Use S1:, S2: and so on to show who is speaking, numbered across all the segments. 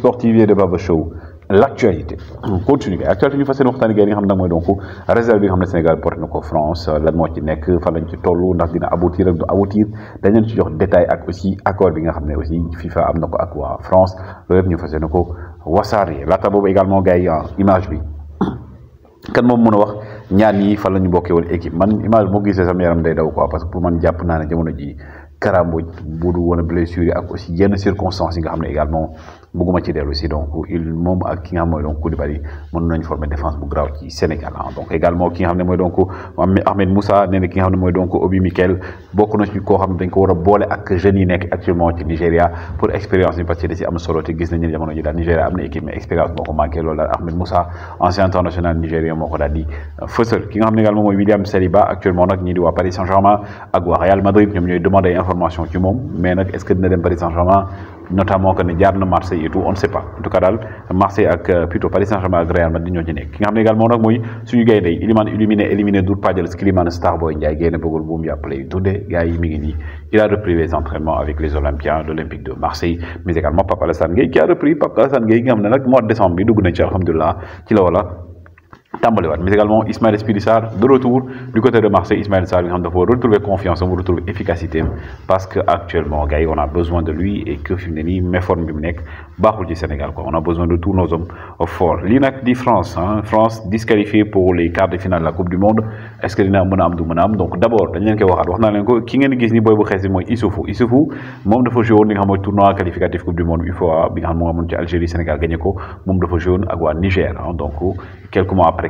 S1: Sport TV de Baba Show l' actualité on continue actualité ñu fas yéene waxtaanee gars yi nga xam ne nag mooy donc réserve bi nga xam ne Sénégal porté na ko France lan moo ci nekk fan lañ ci toll ndax dina aboutir ak du aboutir dañ leen ci jox détail ak aussi accord bi nga xam ne aussi FIFA am na ko ak waa France loolu yëpp ñu fas yéene ko wasaare laata boobu également gars ah, image bi kan moom mën a wax ñaan yi fan la ñu bokkee woon équipe man image moo gisee sama yaram day daw quoi parce que pour man naa ne jamono ji Karambooj bu du blessure ak aussi yenn circonstances yi nga xamné également bëgguma ci dellu ci donc il mom ak ki nga donc mooy donc Koulibaly mën nañ former défense bu graw ci Sénégal ah donc également ki nga xamné moy donc Ahmed Moussa nee ki nga xamné moy donc Obi Mikel bokk na ci ko xamné dañ ko wara bolé ak jeune yi nekk actuellement ci Nigeria pour expérience ni parce que ci am solo te gis nañ ne jamono ji daal Nigeria am équipe mais expérience moo ko manqué loolu Ahmed Moussa ancien international nigérien moko ko daal di euh, fësal ki nga xamné également William Saliba actuellement nak ñi di wa Paris Saint-Germain ak wa Real Madrid ñoom ñooy demander information ci mom mais nak est-ce que dina dem Paris Saint-Germain notamment que ne jaar na Marseille et tout on ne sait pas en tout cas dal Marseille ak euh, plutôt Paris Saint-Germain ak Real Madrid ñoo ci nekk ki nga xam ne également nak moy suñu gay day Iliman éliminé éliminé dur Padial Skilimane Starboy Ndiaye gaynde bëggul bu mu yàppale yu play gars yi mi ngi ni il a repris les entraînements avec les Olympiens de l'Olympique de Marseille mais également Pape Alassane gay qui a repris papa Alassane gay nga xam nak nag mois de décembre bi dugg na ci alhamdoulillah ci la wala tàmbaliwaat mais également Ismaël Espiri de retour du côté de Marseille Ismaël Sarr il faut retrouver confiance am retrouver efficacité parce que actuellement gars on a besoin de lui et que Fimdeni mes formes nii méforme bi Sénégal quoi on a besoin de tous nos hommes forts L'Inac nag France Hein. France disqualifiée pour les quarts de finale de la coupe du monde est ce que dina mën a am du donc d'abord, abord dañ a koy waxaat wax naa leen ko ki ngeen Il ni booy bu xees bi dafa tournoi qualificatif coupe du monde Il bi nga xam moo Algérie Sénégal gagné ko faut dafa au ak Niger hein. donc quelques mois après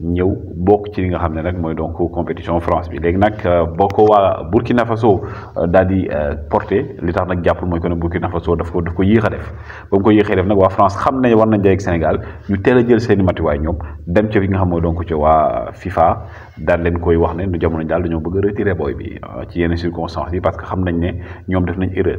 S1: ñëw bokk ci li nga xam ne rek mooy donc compétition France bi léegi nag euh, boo ko waa Burkina Faso euh, daal di euh, porté li tax nag jàpp mooy que ne Burkina Faso daf ko daf ko yéex def ba mu ko yéexee def nag waa France xam ne war nañ jaay ak Sénégal ñu teel matuwaay ñoom dem ca bi nga xam mooy donc ca waa FIFA daal leen koy wax ne nu jamono daal dañoo bëgg a retiré booy bi ci yenn circonstances yi parce que xam nañ ne ñoom def nañ erreur.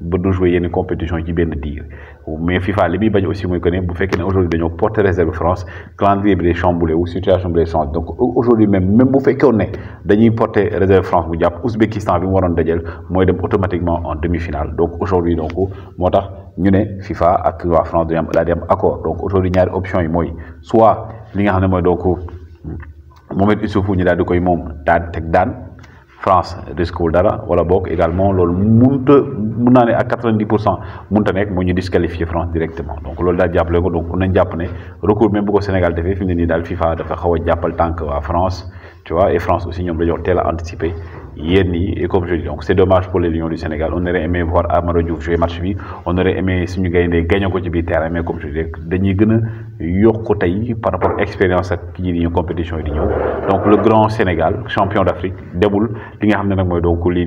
S1: ba du jouer yenn compétition ci benn diir mais FIFA li muy bañ aussi mooy que ne bu fekkee ne aujourd'hui dañoo porter réserve France calendrier bi day chamboulé wu situation bi day changé donc aujourd'hui même même bu fekkoon ne dañuy porter réserve France bu jàpp Ouzbékistan bi mu waroon dajeel mooy dem automatiquement en demi-finale donc aujourd'hui donc moo tax ñu ne FIFA ak waa France dañu am daa di am accord donc aujourd'hui ñaari option yi mooy soit li nga xam ne mooy donc Mohamed Issoufou ñu daal di koy moom daan teg daan France risque dara wala bok également lol munta mun à 90% ak nek vingt France directement donc lol da jàppale donc donc nañ japp ne recours même bu ko Sénégal défé fi ni dal FIFA dafa xaw a jàppal tank France tu vois et France aussi ils ont tel à anticiper hier et comme je dis donc c'est dommage pour les Lions du Sénégal on aurait aimé voir Amaro Diouf jouer match bi on aurait aimé suñu nous gagné ko ci de terrain mais comme je dis dañuy gën a ont par rapport expérience ak ñu compétition donc le grand Sénégal champion d'Afrique, déboule, demul nga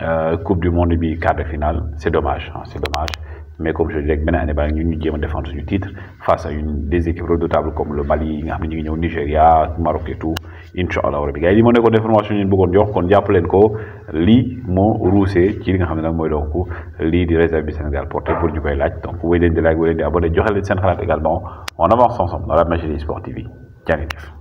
S1: euh, coupe du monde bi quart de finale c'est dommage hein, c'est dommage. mais comme je dis maintenant on année une défense ñu titre face à des équipes redoutables comme le Mali Nigeria, nga le Maroc et tout incha allahu rabi li mo nekone information ñu bëggoon jox kon jàpp leen ko li moo ruusee ci li nga xam ne nag mooy donc lii di réserve bi Sénégal porté pour ñu laaj donc wéy leen di laaj wéy leen di abonné joxe leen seen xalaat également on avance ensemble dans la magie des sports TV jaa